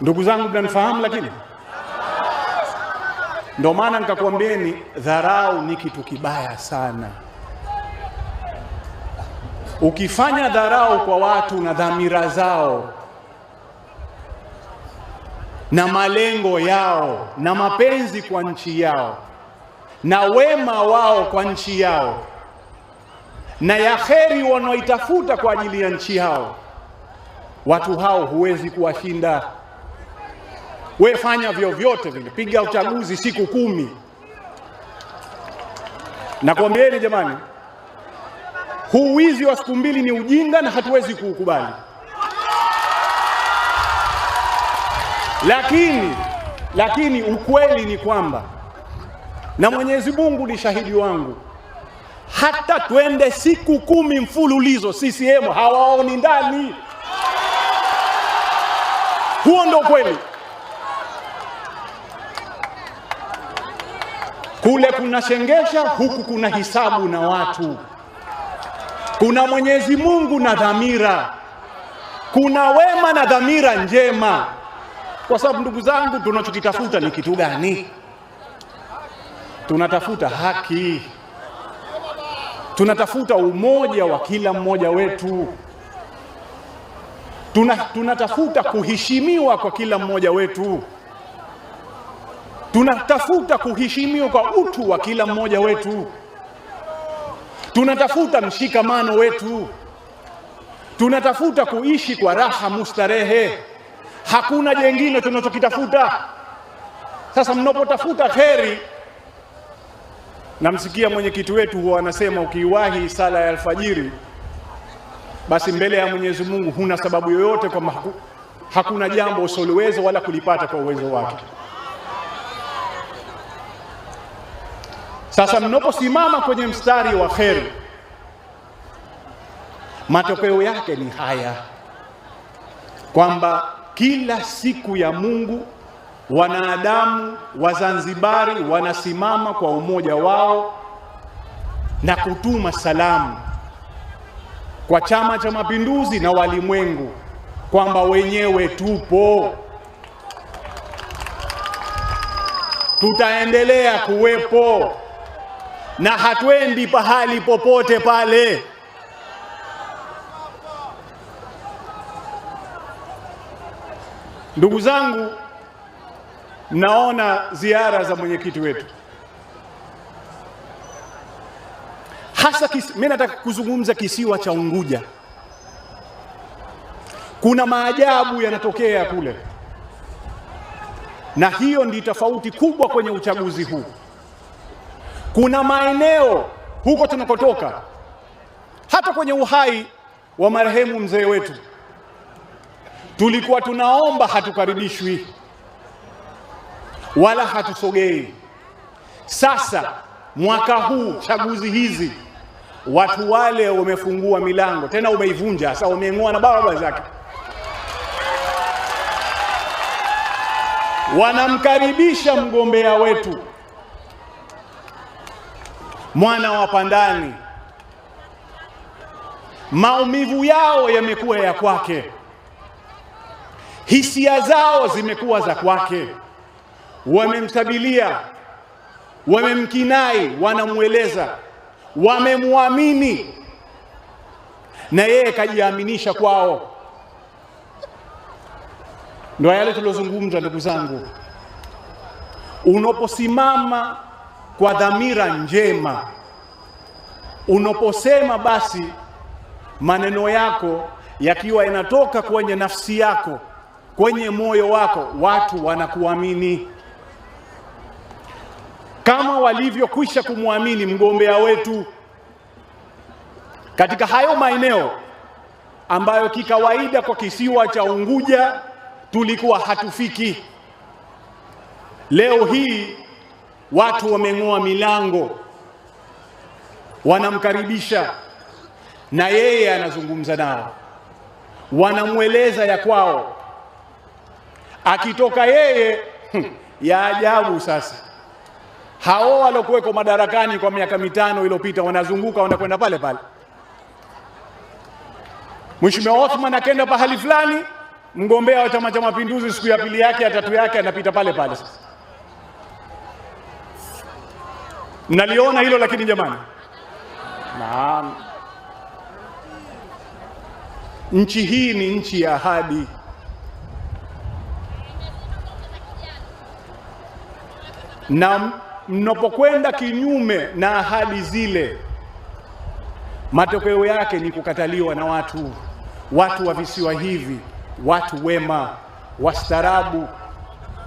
Ndugu zangu, mnanifahamu lakini ndio maana nikakwambieni, dharau ni kitu kibaya sana. Ukifanya dharau kwa watu na dhamira zao na malengo yao na mapenzi kwa nchi yao na wema wao kwa nchi yao na ya kheri wanaoitafuta kwa ajili ya nchi yao, watu hao huwezi kuwashinda. We fanya vyovyote vile, piga uchaguzi siku kumi. Nakwambieni jamani, huu wizi wa siku mbili ni ujinga na hatuwezi kuukubali. Lakini lakini ukweli ni kwamba, na Mwenyezi Mungu ni shahidi wangu, hata twende siku kumi mfululizo, CCM hawaoni ndani. Huo ndo kweli. Kule kuna shengesha, huku kuna hisabu na watu. Kuna Mwenyezi Mungu na dhamira, kuna wema na dhamira njema. Kwa sababu ndugu zangu, tunachokitafuta ni kitu gani? Tunatafuta haki, tunatafuta umoja wa kila mmoja wetu tuna, tunatafuta kuheshimiwa kwa kila mmoja wetu tunatafuta kuheshimiwa kwa utu wa kila mmoja wetu, tunatafuta mshikamano wetu, tunatafuta kuishi kwa raha mustarehe. Hakuna jengine tunachokitafuta. Sasa mnapotafuta kheri, namsikia mwenyekiti wetu huwa anasema ukiiwahi sala ya alfajiri, basi mbele ya Mwenyezi Mungu huna sababu yoyote, kwamba hakuna jambo usiloweza wala kulipata kwa uwezo wake. Sasa mnaposimama kwenye mstari wa kheri, matokeo yake ni haya kwamba kila siku ya Mungu wanadamu Wazanzibari wanasimama kwa umoja wao na kutuma salamu kwa Chama cha Mapinduzi na walimwengu kwamba wenyewe tupo, tutaendelea kuwepo na hatwendi pahali popote pale. Ndugu zangu, naona ziara za mwenyekiti wetu hasa, mimi nataka kuzungumza kisiwa cha Unguja. Kuna maajabu yanatokea kule, na hiyo ndi tofauti kubwa kwenye uchaguzi huu. Kuna maeneo huko tunakotoka, hata kwenye uhai wa marehemu mzee wetu tulikuwa tunaomba, hatukaribishwi wala hatusogei. Sasa mwaka huu chaguzi hizi watu wale wamefungua milango tena, umeivunja sasa, wameng'oa na baba zake, wanamkaribisha mgombea wetu mwana wa Pandani. Maumivu yao yamekuwa ya kwake, hisia zao zimekuwa za kwake. Wamemtabilia, wamemkinai, wanamweleza, wamemwamini, na yeye kajiaminisha kwao. Ndo yale tuliozungumza, ndugu zangu, unaposimama kwa dhamira njema. Unaposema basi maneno yako yakiwa yanatoka kwenye nafsi yako, kwenye moyo wako, watu wanakuamini kama walivyokwisha kumwamini mgombea wetu katika hayo maeneo ambayo kikawaida kwa kisiwa cha Unguja tulikuwa hatufiki. Leo hii watu wameng'oa milango, wanamkaribisha na yeye anazungumza nao, wanamweleza ya kwao. Akitoka yeye hmm, ya ajabu sasa, hao walokuweko madarakani kwa miaka mitano iliyopita wanazunguka wanakwenda pale pale. Mheshimiwa Othman akenda pahali fulani, mgombea wa Chama cha Mapinduzi siku ya pili yake ya tatu yake anapita pale pale sasa Mnaliona hilo lakini jamani? Naam. Nchi hii ni nchi ya ahadi. Na mnapokwenda kinyume na ahadi zile, matokeo yake ni kukataliwa na watu, watu wa visiwa hivi, watu wema, wastarabu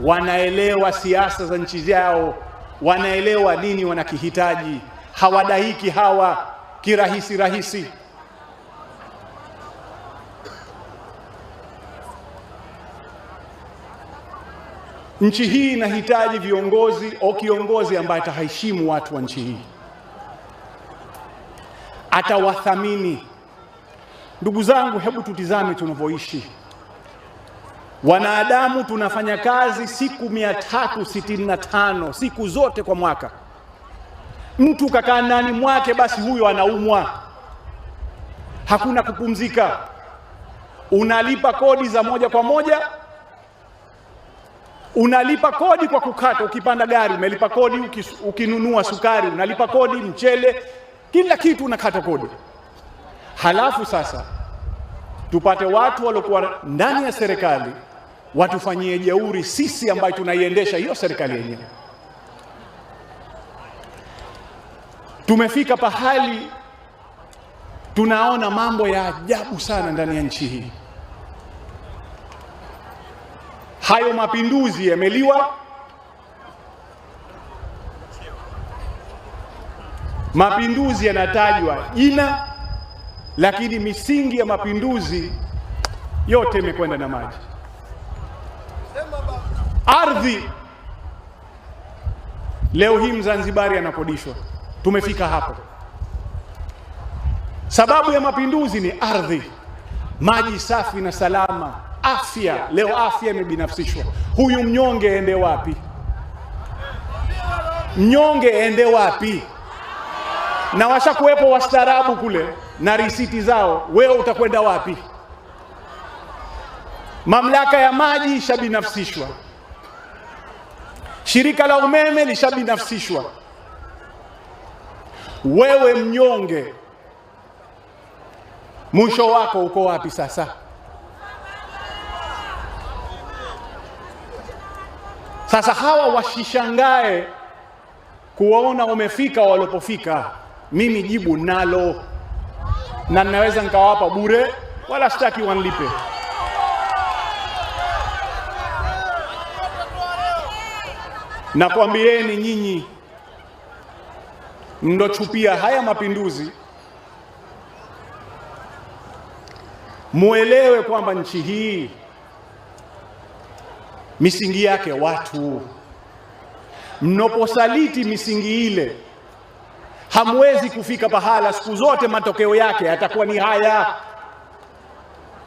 wanaelewa siasa za nchi zao wanaelewa nini wanakihitaji, hawadahiki hawa kirahisi rahisi. Nchi hii inahitaji viongozi au kiongozi ambaye ataheshimu watu wa nchi hii, atawathamini. Ndugu zangu, hebu tutizame tunavyoishi. Wanadamu tunafanya kazi siku mia tatu sitini na tano siku zote kwa mwaka. Mtu kakaa ndani mwake, basi huyo anaumwa, hakuna kupumzika. Unalipa kodi za moja kwa moja, unalipa kodi kwa kukata. Ukipanda gari umelipa kodi, ukinunua sukari unalipa kodi, mchele, kila kitu unakata kodi. Halafu sasa tupate watu waliokuwa ndani ya serikali watufanyie jeuri sisi ambayo tunaiendesha hiyo serikali yenyewe. Tumefika pahali tunaona mambo ya ajabu sana ndani ya nchi hii. Hayo mapinduzi yameliwa, mapinduzi yanatajwa jina, lakini misingi ya mapinduzi yote imekwenda na maji ardhi. Leo hii Mzanzibari anakodishwa, tumefika hapo. Sababu ya mapinduzi ni ardhi, maji safi na salama, afya. Leo afya imebinafsishwa. Huyu mnyonge ende wapi? Mnyonge ende wapi? Na washakuwepo wastaarabu kule na risiti zao, wewe utakwenda wapi? Mamlaka ya maji ishabinafsishwa. Shirika la umeme lishabinafsishwa. Wewe mnyonge, mwisho wako uko wapi sasa? Sasa hawa washishangae kuwaona umefika walipofika. Mimi jibu nalo na ninaweza nikawapa bure, wala sitaki wanlipe. Nakwambieni nyinyi mndochupia haya mapinduzi, muelewe kwamba nchi hii misingi yake watu. mnoposaliti misingi ile, hamwezi kufika pahala. Siku zote matokeo yake yatakuwa ni haya,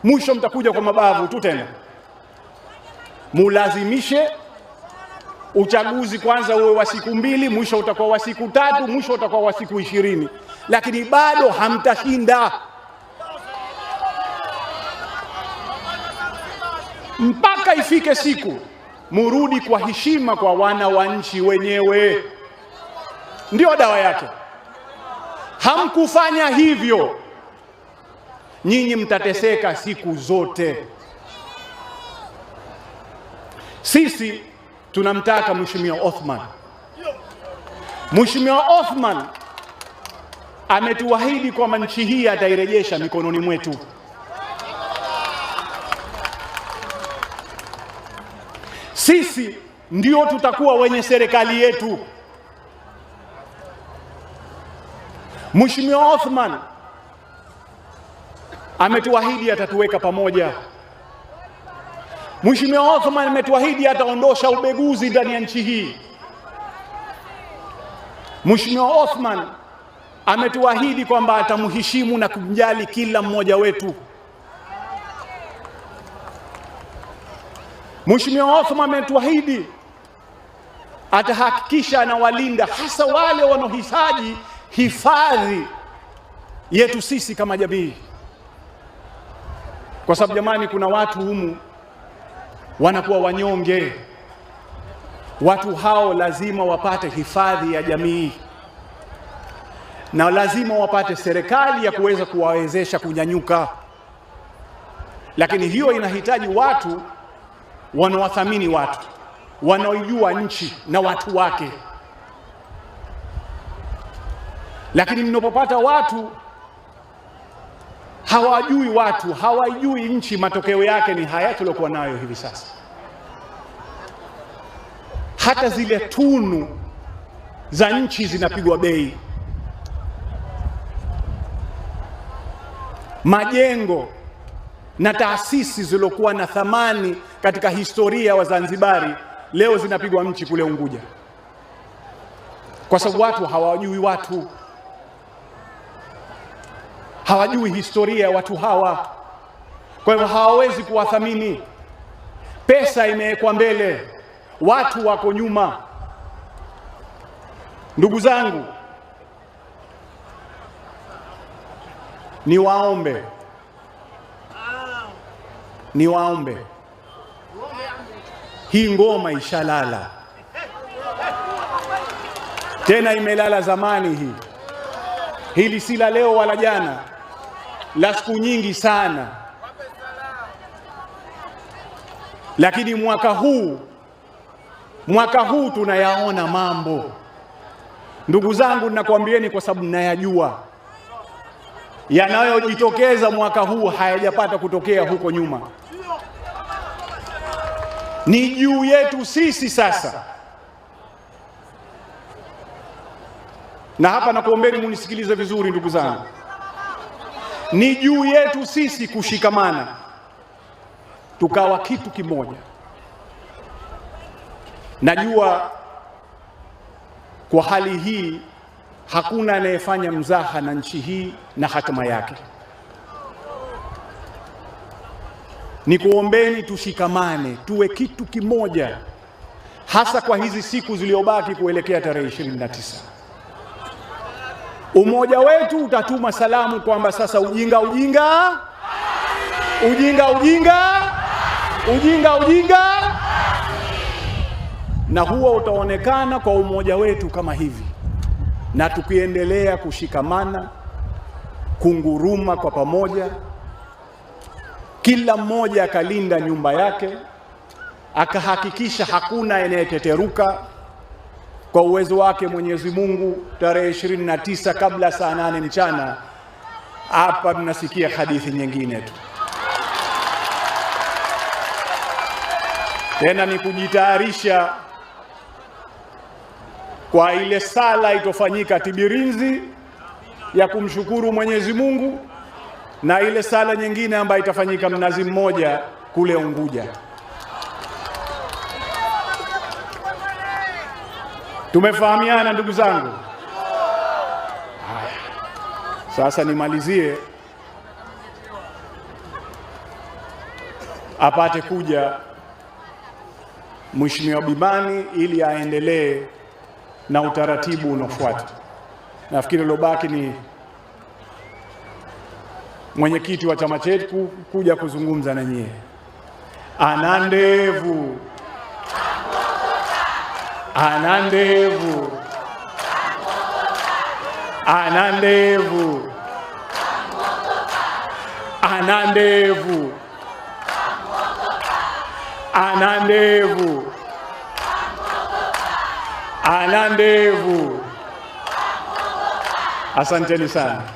mwisho mtakuja kwa mabavu tu. Tena mulazimishe uchaguzi kwanza uwe wa siku mbili, mwisho utakuwa wa siku tatu, mwisho utakuwa wa siku ishirini, lakini bado hamtashinda mpaka ifike siku murudi kwa heshima kwa wana wa nchi wenyewe. ndio dawa yake. Hamkufanya hivyo, nyinyi mtateseka siku zote. Sisi tunamtaka Mheshimiwa Othman. Mheshimiwa Othman ametuahidi kwamba nchi hii atairejesha mikononi mwetu. Sisi ndio tutakuwa wenye serikali yetu. Mheshimiwa Othman ametuahidi atatuweka pamoja. Mheshimiwa Othman ametuahidi ataondosha ubeguzi ndani ya nchi hii. Mheshimiwa Othman ametuahidi kwamba atamheshimu na kumjali kila mmoja wetu. Mheshimiwa Othman ametuahidi atahakikisha anawalinda hasa wale wanaohitaji hifadhi yetu sisi kama jamii, kwa sababu jamani, kuna watu humu wanakuwa wanyonge. Watu hao lazima wapate hifadhi ya jamii na lazima wapate serikali ya kuweza kuwawezesha kunyanyuka, lakini hiyo inahitaji watu wanaowathamini watu wanaojua nchi na watu wake, lakini mnapopata watu hawajui watu, hawajui nchi. Matokeo yake ni haya tuliokuwa nayo hivi sasa. Hata zile tunu za nchi zinapigwa bei, majengo na taasisi zilizokuwa na thamani katika historia wa Zanzibari leo zinapigwa mchi kule Unguja, kwa sababu watu hawajui watu hawajui historia ya watu hawa, kwa hivyo hawawezi kuwathamini. Pesa imewekwa mbele, watu wako nyuma. Ndugu zangu, niwaombe, niwaombe, hii ngoma ishalala tena, imelala zamani hii. Hili si la leo wala jana la siku nyingi sana, lakini mwaka huu mwaka huu tunayaona mambo, ndugu zangu, ninakwambieni kwa sababu ninayajua yanayojitokeza mwaka huu hayajapata kutokea huko nyuma. Ni juu yetu sisi sasa, na hapa nakuombeni munisikilize vizuri, ndugu zangu. Ni juu yetu sisi kushikamana tukawa kitu kimoja. Najua kwa hali hii hakuna anayefanya mzaha na nchi hii na hatima yake. ni kuombeni tushikamane, tuwe kitu kimoja, hasa kwa hizi siku zilizobaki kuelekea tarehe 29. Umoja wetu utatuma salamu kwamba sasa ujinga ujinga ujinga ujinga ujinga ujinga, na huo utaonekana kwa umoja wetu kama hivi, na tukiendelea kushikamana, kunguruma kwa pamoja, kila mmoja akalinda nyumba yake, akahakikisha hakuna anayeteteruka kwa uwezo wake Mwenyezi Mungu, tarehe 29 kabla saa nane mchana hapa mnasikia hadithi nyingine tu tena ni kujitayarisha kwa ile sala itofanyika Tibirinzi ya kumshukuru Mwenyezi Mungu na ile sala nyingine ambayo itafanyika Mnazi Mmoja kule Unguja. Tumefahamiana ndugu zangu. Haya, sasa nimalizie apate kuja Mheshimiwa Bimani ili aendelee na utaratibu unaofuata. Nafikiri lobaki ni mwenyekiti wa chama chetu kuja kuzungumza na nyie. Ana ndevu ana ndevu, ana ndevu, ana ndevu, ana ndevu, ana ndevu. Asanteni sana.